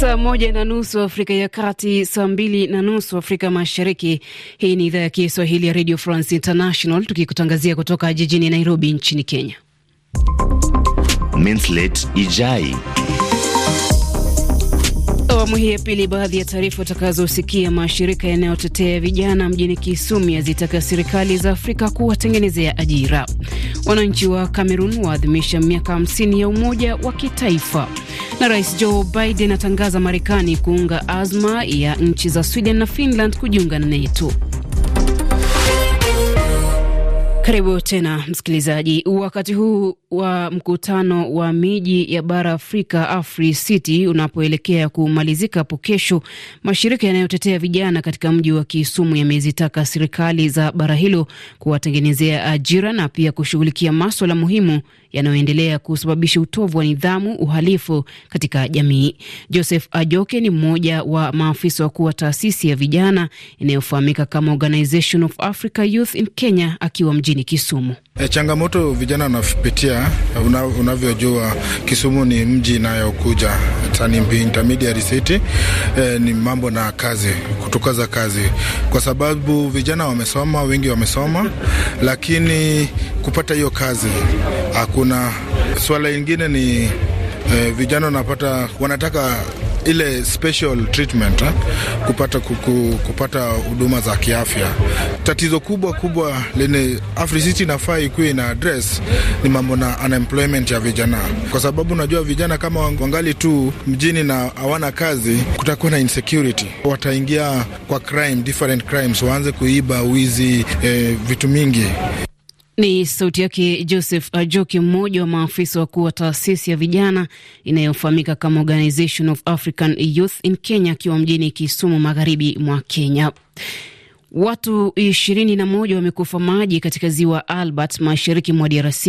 Saa moja na nusu Afrika ya Kati, saa mbili na nusu Afrika Mashariki. Hii ni idhaa ya Kiswahili ya Radio France International, tukikutangazia kutoka jijini Nairobi nchini Kenya. Minslet Ijai Awamu hii ya pili, baadhi ya taarifa utakazosikia: mashirika yanayotetea vijana mjini Kisumu yazitaka serikali za Afrika kuwatengenezea ajira. Wananchi wa Kamerun waadhimisha miaka 50 ya umoja wa kitaifa, na Rais Joe Biden atangaza Marekani kuunga azma ya nchi za Sweden na Finland kujiunga na NATO. Karibu tena msikilizaji. Wakati huu wa mkutano wa miji ya bara Afrika, Afri City, unapoelekea kumalizika hapo kesho, mashirika yanayotetea vijana katika mji wa Kisumu yamezitaka serikali za bara hilo kuwatengenezea ajira na pia kushughulikia maswala muhimu yanayoendelea kusababisha utovu wa nidhamu, uhalifu katika jamii. Joseph Ajoke ni mmoja wa maafisa wakuu wa taasisi ya vijana inayofahamika kama Organization of Africa Youth in Kenya, akiwa mjini Kisumu. E, changamoto vijana wanapitia una, unavyojua Kisumu ni mji inayokuja intermediary city e, ni mambo na kazi, kutukaza kazi, kwa sababu vijana wamesoma, wengi wamesoma, lakini kupata hiyo kazi hakuna. Ah, swala ingine ni e, vijana wanapata wanataka ile special treatment ha? Eh, kupata kuku, kupata huduma za kiafya. Tatizo kubwa kubwa lenye Africity inafaa ikuwe ina address ni mambo na unemployment ya vijana, kwa sababu unajua vijana kama wangali tu mjini na hawana kazi, kutakuwa na insecurity, wataingia kwa crime, different crimes, waanze kuiba, wizi, eh, vitu mingi ni sauti yake Joseph Ajoki, uh, mmoja wa maafisa wakuu wa taasisi ya vijana inayofahamika kama Organization of African Youth in Kenya, akiwa mjini Kisumu, magharibi mwa Kenya. Watu ishirini na moja wamekufa maji katika ziwa Albert mashariki mwa DRC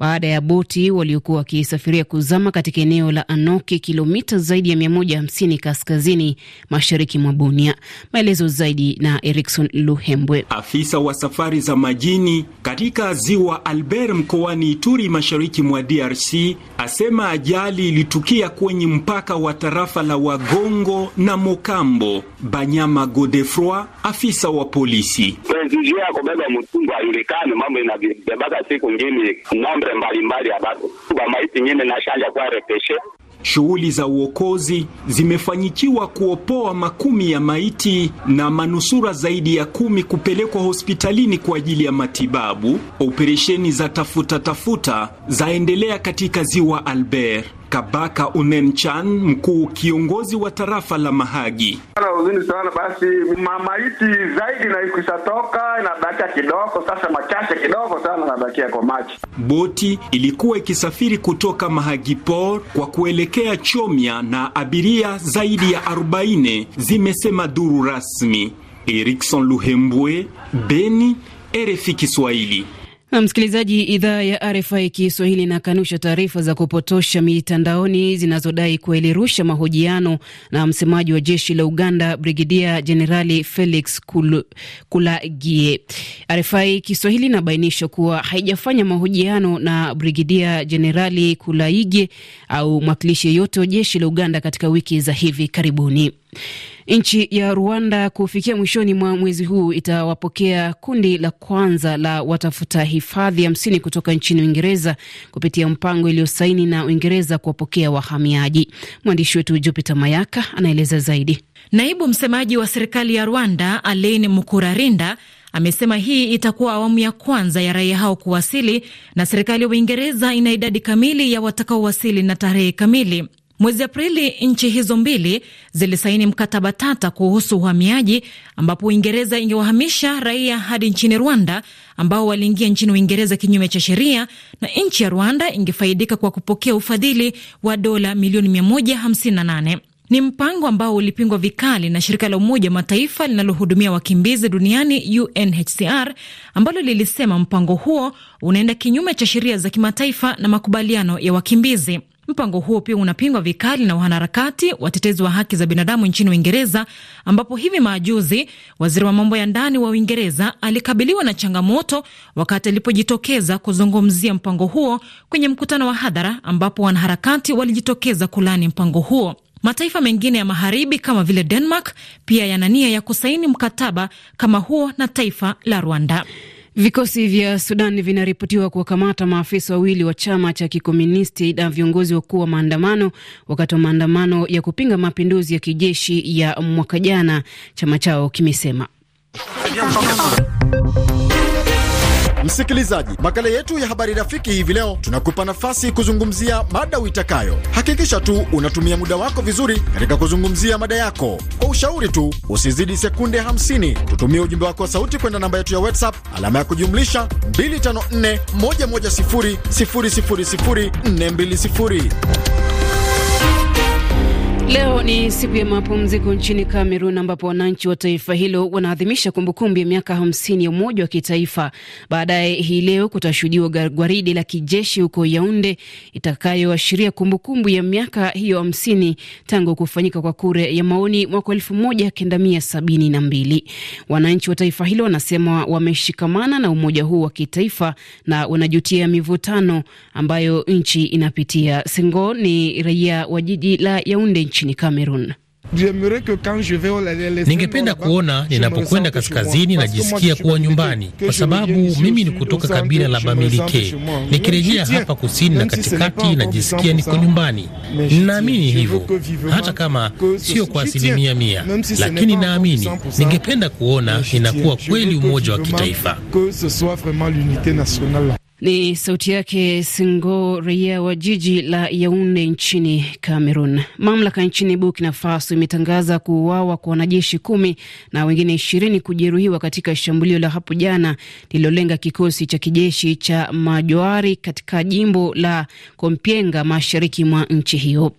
baada ya boti waliokuwa wakisafiria kuzama katika eneo la Anoki, kilomita zaidi ya 150 kaskazini mashariki mwa Bunia. Maelezo zaidi na Erikson Luhembwe. Afisa wa safari za majini katika ziwa Albert mkoani Ituri mashariki mwa DRC asema ajali ilitukia kwenye mpaka wa tarafa la Wagongo na Mokambo. Banyama Godefroi, afisa wa polisi. Presije ya kubeba mtungu haiwezekani, mambo inabebaka siku ngine nombre mbalimbali ya batu ba maiti ngine na shanja kwa repeshe. Shughuli za uokozi zimefanyikiwa kuopoa makumi ya maiti na manusura zaidi ya kumi kupelekwa hospitalini kwa ajili ya matibabu. Operesheni za tafuta tafuta zaendelea katika ziwa Albert. Kabaka Unenchan, mkuu kiongozi wa tarafa la Mahagi. Ana huzuni sana, basi mamaiti zaidi na toka inabakia kidogo, sasa machache kidogo sana nabakia kwa machi. Boti ilikuwa ikisafiri kutoka Mahagi Port kwa kuelekea Chomia na abiria zaidi ya 40 zimesema duru rasmi. Erikson Luhembwe, Beni, RFI Kiswahili. Msikilizaji, idhaa ya RFI Kiswahili inakanusha taarifa za kupotosha mitandaoni zinazodai kuelirusha mahojiano na msemaji wa jeshi la Uganda, Brigedia Jenerali Felix Kul Kulagie. RFI Kiswahili inabainisha kuwa haijafanya mahojiano na Brigedia Jenerali Kulaige au mwakilishi yeyote wa jeshi la Uganda katika wiki za hivi karibuni. Nchi ya Rwanda kufikia mwishoni mwa mwezi huu itawapokea kundi la kwanza la watafuta hifadhi hamsini kutoka nchini Uingereza kupitia mpango iliyosaini na Uingereza kuwapokea wahamiaji. Mwandishi wetu Jupiter Mayaka anaeleza zaidi. Naibu msemaji wa serikali ya Rwanda Alain Mukurarinda amesema hii itakuwa awamu ya kwanza ya raia hao kuwasili, na serikali ya Uingereza ina idadi kamili ya watakaowasili na tarehe kamili. Mwezi Aprili nchi hizo mbili zilisaini mkataba tata kuhusu uhamiaji, ambapo Uingereza ingewahamisha raia hadi nchini Rwanda ambao waliingia nchini Uingereza kinyume cha sheria, na nchi ya Rwanda ingefaidika kwa kupokea ufadhili wa dola milioni 158. Ni mpango ambao ulipingwa vikali na shirika la Umoja wa Mataifa linalohudumia wakimbizi duniani UNHCR, ambalo lilisema mpango huo unaenda kinyume cha sheria za kimataifa na makubaliano ya wakimbizi. Mpango huo pia unapingwa vikali na wanaharakati watetezi wa haki za binadamu nchini Uingereza, ambapo hivi majuzi waziri wa mambo ya ndani wa Uingereza alikabiliwa na changamoto wakati alipojitokeza kuzungumzia mpango huo kwenye mkutano wa hadhara, ambapo wanaharakati walijitokeza kulani mpango huo. Mataifa mengine ya magharibi kama vile Denmark pia yana nia ya kusaini mkataba kama huo na taifa la Rwanda. Vikosi vya Sudan vinaripotiwa kuwakamata maafisa wawili wa chama cha kikomunisti na viongozi wakuu wa maandamano wakati wa maandamano ya kupinga mapinduzi ya kijeshi ya mwaka jana, chama chao kimesema. Msikilizaji, makala yetu ya habari rafiki hivi leo tunakupa nafasi kuzungumzia mada uitakayo. Hakikisha tu unatumia muda wako vizuri katika kuzungumzia mada yako. Kwa ushauri tu usizidi sekunde 50. Tutumie ujumbe wako wa sauti kwenda namba yetu ya WhatsApp alama ya kujumlisha 254 Leo ni siku ya mapumziko nchini Kamerun ambapo wananchi wa taifa hilo wanaadhimisha kumbukumbu ya miaka hamsini ya umoja wa kitaifa. Baadaye hii leo kutashuhudiwa gwaridi la kijeshi huko Yaunde itakayoashiria kumbukumbu ya miaka hiyo hamsini tangu kufanyika kwa kure ya maoni mwaka elfu moja kenda mia sabini na mbili. Wananchi wa taifa hilo wanasema wameshikamana na umoja huu wa kitaifa na wanajutia mivutano ambayo nchi inapitia. Sengo ni raia wa jiji la Yaunde nchini Cameroon. Ningependa kuona ninapokwenda kaskazini najisikia kuwa nyumbani, kwa sababu mimi ni kutoka kabila la bamilike Nikirejea hapa kusini na katikati, najisikia niko nyumbani. Ninaamini hivyo, hata kama sio kwa asilimia mia, lakini naamini. Ningependa kuona inakuwa kweli umoja wa kitaifa. Ni sauti yake Singo, raia wa jiji la Yaunde nchini Cameroon. Mamlaka nchini Burkina Faso imetangaza kuuawa kwa wanajeshi kumi na wengine ishirini kujeruhiwa katika shambulio la hapo jana lililolenga kikosi cha kijeshi cha majoari katika jimbo la Kompienga, mashariki mwa nchi hiyo.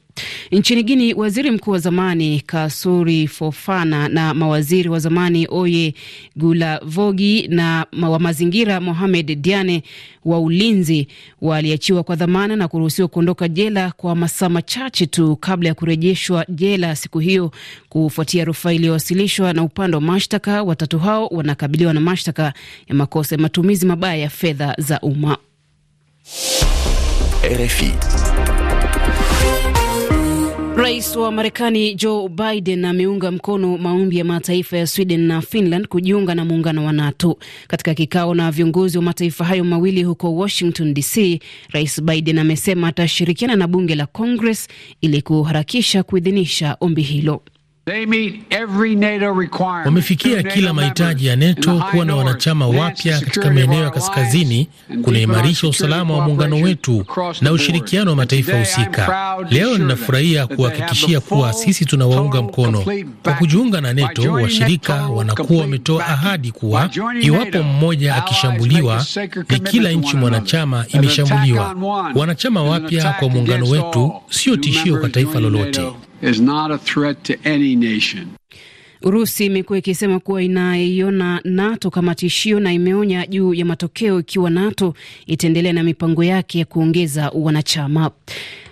Nchini Guini, waziri mkuu wa zamani Kasuri Fofana na mawaziri wa zamani Oye Gulavogi na wa mazingira Mohamed Diane wa ulinzi waliachiwa kwa dhamana na kuruhusiwa kuondoka jela kwa masaa machache tu kabla ya kurejeshwa jela siku hiyo kufuatia rufaa iliyowasilishwa na upande wa mashtaka. Watatu hao wanakabiliwa na mashtaka ya makosa ya matumizi mabaya ya fedha za umma. RFI Rais wa Marekani Joe Biden ameunga mkono maombi ya mataifa ya Sweden na Finland kujiunga na muungano wa NATO. Katika kikao na viongozi wa mataifa hayo mawili huko Washington DC, Rais Biden amesema atashirikiana na bunge la Congress ili kuharakisha kuidhinisha ombi hilo. Wamefikia kila mahitaji ya NATO. Kuwa na wanachama wapya katika maeneo ya kaskazini kunaimarisha usalama wa muungano wetu na ushirikiano wa mataifa husika. Leo ninafurahia kuhakikishia kuwa sisi tunawaunga mkono. Kwa kujiunga na NATO, washirika wanakuwa wametoa ahadi kuwa iwapo mmoja akishambuliwa, ni kila nchi mwanachama imeshambuliwa. Wanachama wapya kwa muungano wetu sio tishio kwa taifa lolote is not a threat to any nation. Urusi imekuwa ikisema kuwa inaiona NATO kama tishio na imeonya juu ya matokeo ikiwa NATO itaendelea na mipango yake ya kuongeza wanachama.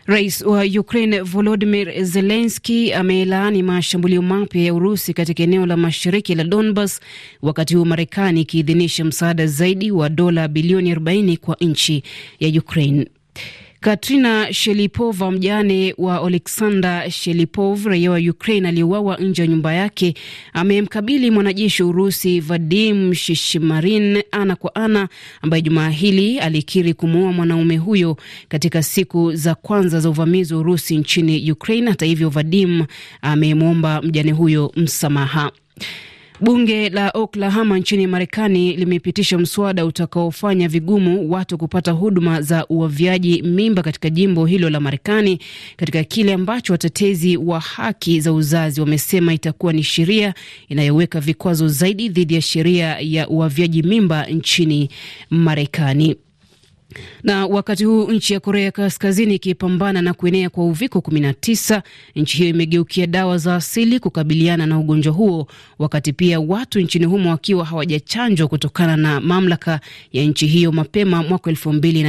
Rais wa Ukraine volodimir zelenski amelaani mashambulio mapya ya Urusi katika eneo la mashariki la Donbas, wakati huu Marekani ikiidhinisha msaada zaidi wa dola bilioni 40 kwa nchi ya Ukraine. Katrina Shelipova, mjane wa Oleksandr Shelipov, raia wa Ukraine aliyeuawa nje ya nyumba yake, amemkabili mwanajeshi wa Urusi Vadim Shishimarin ana kwa ana, ambaye jumaa hili alikiri kumuua mwanaume huyo katika siku za kwanza za uvamizi wa Urusi nchini Ukraine. Hata hivyo, Vadim amemwomba mjane huyo msamaha. Bunge la Oklahoma nchini Marekani limepitisha mswada utakaofanya vigumu watu kupata huduma za uavyaji mimba katika jimbo hilo la Marekani, katika kile ambacho watetezi wa haki za uzazi wamesema itakuwa ni sheria inayoweka vikwazo zaidi dhidi ya sheria ya uavyaji mimba nchini Marekani. Na wakati huu nchi ya Korea Kaskazini ikipambana na kuenea kwa uviko 19, nchi hiyo imegeukia dawa za asili kukabiliana na ugonjwa huo, wakati pia watu nchini humo wakiwa hawajachanjwa kutokana na mamlaka ya nchi hiyo mapema mwaka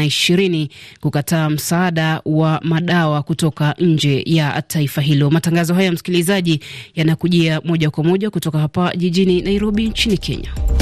ishirini kukataa msaada wa madawa kutoka nje ya taifa hilo. Matangazo haya, msikilizaji, yanakujia moja kwa moja kutoka hapa jijini Nairobi nchini Kenya.